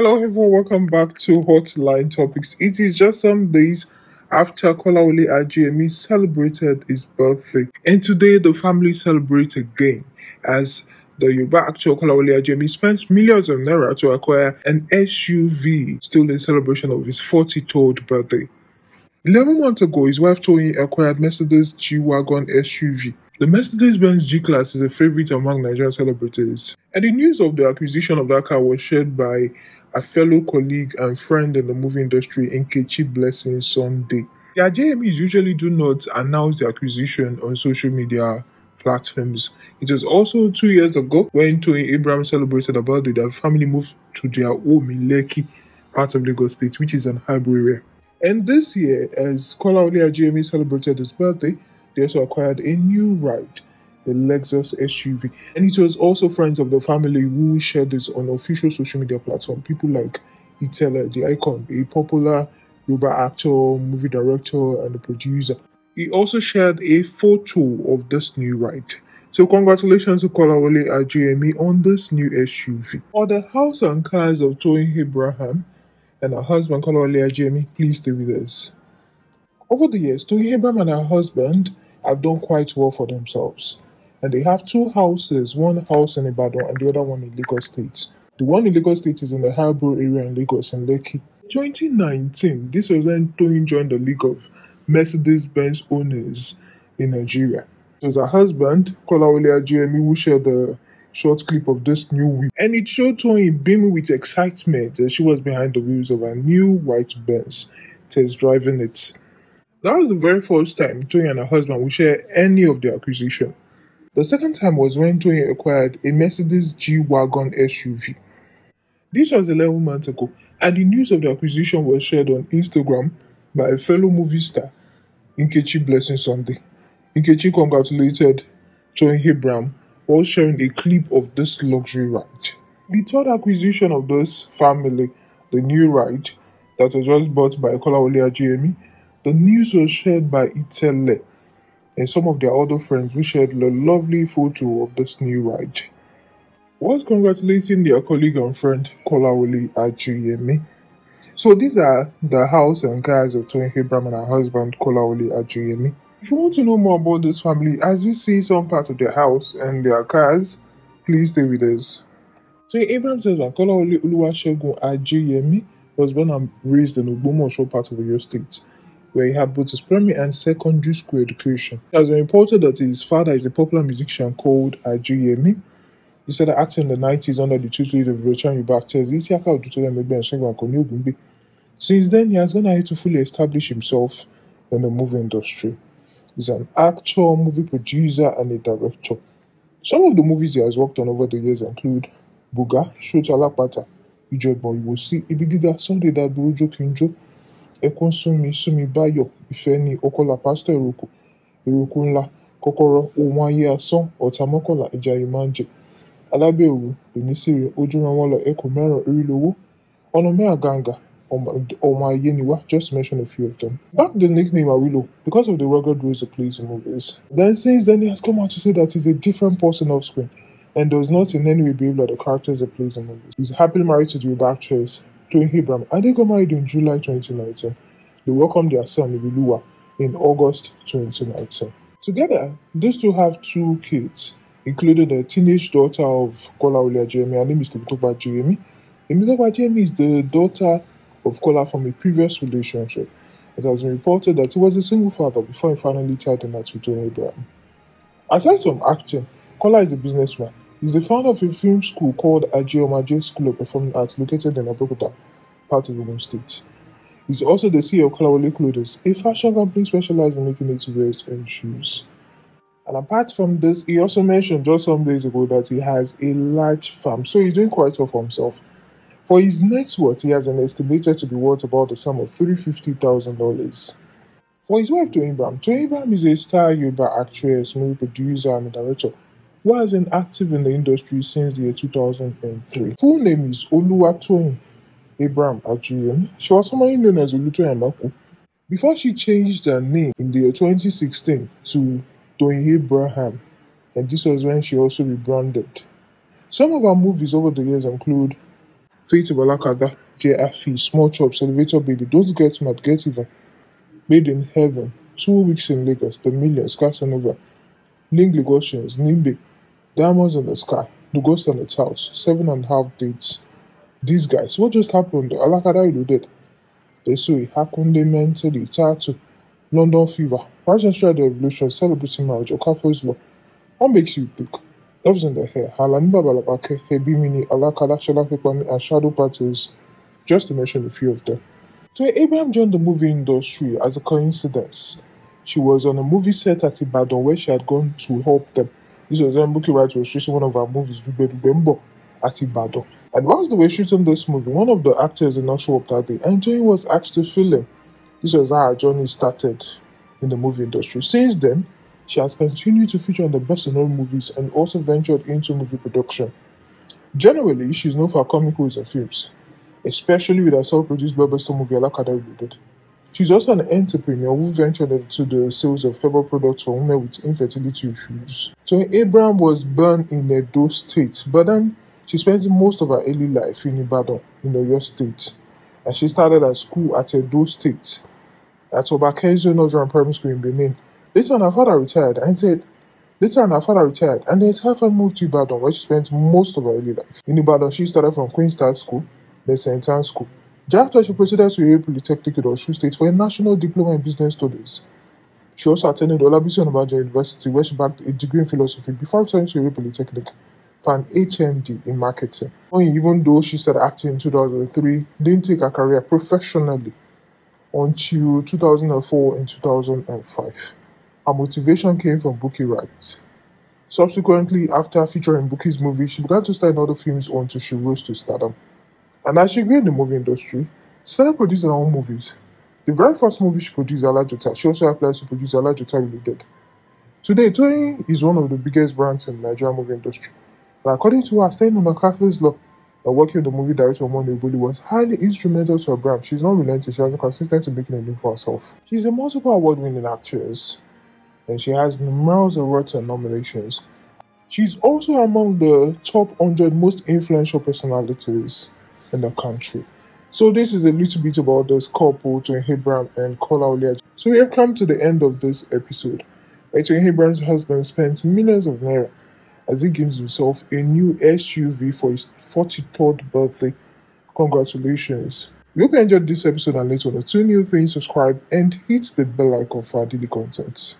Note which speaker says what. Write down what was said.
Speaker 1: Hello, everyone. Welcome back to Hotline Topics. It is just some days after Kolaole Ajemi celebrated his birthday, and today the family celebrates again as the Yoruba actor Kolaole Ajemi spent millions of naira to acquire an SUV, still in celebration of his 43rd birthday. 11 months ago, his wife Tony acquired Mercedes G-Wagon SUV. The Mercedes-Benz G-Class is a favorite among Nigerian celebrities, and the news of the acquisition of that car was shared by a fellow colleague and friend in the movie industry, Nkechi Blessing Sunday. The JMEs usually do not announce the acquisition on social media platforms. It was also two years ago when Tony Abraham celebrated a birthday that family moved to their home in Lekki, part of Lagos State, which is an hybrid area. And this year, as Kola Ajayemi celebrated his birthday, they also acquired a new ride, the Lexus SUV. And it was also friends of the family who shared this on official social media platform. People like Itela, the icon, a popular Yoruba actor, movie director, and producer. He also shared a photo of this new ride. So congratulations to Kolawole Ajayemi on this new SUV. For the house and cars of Toyin Abraham and her husband Kolawole Ajayemi, please stay with us. Over the years, Toyin Abraham and her husband have done quite well for themselves and they have two houses one house in Ibadan and the other one in Lagos State. The one in Lagos State is in the Harbour area in Lagos and Lekki. 2019, this was when Toyin joined the League of Mercedes Benz Owners in Nigeria. It her husband, Kolawole Ajayemi, who shared the short clip of this new wheel. And it showed Toyin beaming with excitement as she was behind the wheels of a new white Benz, test driving it. That was the very first time Toyin and her husband would share any of the acquisition. The second time was when Tony acquired a Mercedes G Wagon SUV. This was 11 months ago, and the news of the acquisition was shared on Instagram by a fellow movie star, Nkechi Blessing Sunday. Nkechi congratulated Tony Hebram while sharing a clip of this luxury ride. The third acquisition of this family, the new ride that was just bought by Kolawole Ajayemi, the news was shared by Itele, and some of their other friends we shared a lovely photo of this new ride. Whilst congratulating their colleague and friend Kolawole Ajuyemi. So these are the house and cars of Tony Abraham and her husband Kolawole Ajuyemi. If you want to know more about this family, as you see some parts of their house and their cars, please stay with us. So Abraham says that Kolawole Oluwasegun Ajuyemi was born and raised in Ogbomoso part of Oyo State where he had both his primary and secondary school education. It has been reported that his father is a popular musician called Ajiyemi. He started acting in the 90s under the tutelage of Rochan Yuba actors and Since then, he has gone ahead to fully establish himself in the movie industry. He's an actor, movie producer, and a director. Some of the movies he has worked on over the years include Buga, Shota Boy, Ijo Will See, Ibigiga, Sunday Daburu Jokinjo, Ẹkún sumi mi, báyọ̀. Ìfẹ́ ọkọlà pastor iruku irukunla ńlá. Kọ́kọ́rọ́, ohun ayé asán, ọ̀tá mọ́kànlá, ìjà yìí máa ń jẹ. Alábẹ́ òru, òní ojú Ọ̀nà mẹ́ àgàngà, ọmọ ayé ni wá. Just mention a few of them. Back the nickname Awilo because of the rugged roles he plays in movies. Then since then he has come out to say that he's a different person off screen and does not in any way behave like the characters he plays in movies. He's happily married to the actress to Abraham, married in July 2019. They welcomed their son, Ibilua, in August 2019. Together, these two have two kids, including the teenage daughter of Kola Ulia Jeremy. Her name is Temitoba Jeremy. Jeremy is the daughter of Kola from a previous relationship. It has been reported that he was a single father before he finally tied the knot with Abraham. Aside from acting, Kola is a businessman He's the founder of a film school called Ajeomaje School of Performing Arts located in Abeokuta, part of Ogun State. He's also the CEO of Kolawole Clothes, a fashion company specialized in making native wears and shoes. And apart from this, he also mentioned just some days ago that he has a large farm, so he's doing quite well for himself. For his net worth, he has an estimated to be worth about the sum of $350,000. For his wife, Toyin Bram, Toyin Bram is a star Yoruba actress, movie producer, and director who has been active in the industry since the year 2003. Full name is Oluwatoyin Abraham Ajurin. She was formerly known as Olutoyin Maku before she changed her name in the year 2016 to Toyin Abraham, and this was when she also rebranded. Some of her movies over the years include Fate of Alakada, JFE, Small Chops, Elevator Baby, Don't Get Mad, Get Even, Made in Heaven, Two Weeks in Lagos, The Millions, Casanova, Ling Lugosians, Nimbe, Diamonds in the Sky, Lugosi and the Touts, Seven and a Half Dates. These guys, what just happened? Alakadaido did. Desui, Hakunde Mentally, Tattoo, London Fever, Rise and Strike the Revolution, Celebrating Marriage, Okafor's Law. What makes you think? Loves in the Hair, Halaniba Balabake, Alakadai Alakada, Shalafipami, and Shadow Parties, just to mention a few of them. So Abraham joined the movie industry as a coincidence she was on a movie set at Ibadan where she had gone to help them. This was when Buki Wright was shooting one of her movies, Dube Dubembo, at Ibadan. And whilst they were shooting this movie, one of the actors did not show up that day, and Joey was asked to fill in. This was how her journey started in the movie industry. Since then, she has continued to feature in the best known movies and also ventured into movie production. Generally, she is known for her comic roles and films, especially with her self-produced blockbuster movie Alakada She's also an entrepreneur who ventured into the sales of herbal products for women with infertility issues. So Abraham was born in Edo State, but then she spent most of her early life in Ibadan, in Oyo State, and she started at school at Edo State, at Obakenzo Northern Primary School in Benin. Later on, her father retired and said, Later on, her father retired, and the entire family moved to Ibadan, where she spent most of her early life. In Ibadan, she started from Queen's Start School, the St. Anne's School, after she proceeded to Yale Polytechnic in Osun State for a national diploma in business studies. She also attended Olabisi Onabanjo University, where she bagged a degree in philosophy before returning to Yale Polytechnic for an HND in marketing. Even though she started acting in 2003, didn't take her career professionally until 2004 and 2005. Her motivation came from Bookie Wright. Subsequently, after featuring Bookie's movie, she began to star in other films until she rose to stardom. And as she grew in the movie industry, she started producing her own movies. The very first movie she produced, Alajota, she also applied to produce Alajota Limited. Today, Toyin is one of the biggest brands in the Nigerian movie industry. And according to her, staying on McCaffrey's law and working with the movie director Omoni Ibuli was highly instrumental to her brand. She's not relenting, she has been consistent in making a name for herself. She's a multiple award winning actress and she has numerous awards and nominations. She's also among the top 100 most influential personalities in the country. So this is a little bit about this couple, Twin Hebram and Kola Olaj. So we have come to the end of this episode. Twin Hebram's husband spends millions of naira as he gives himself a new SUV for his 43rd birthday. Congratulations. We hope you enjoyed this episode and let's the two new things. Subscribe and hit the bell icon for daily content.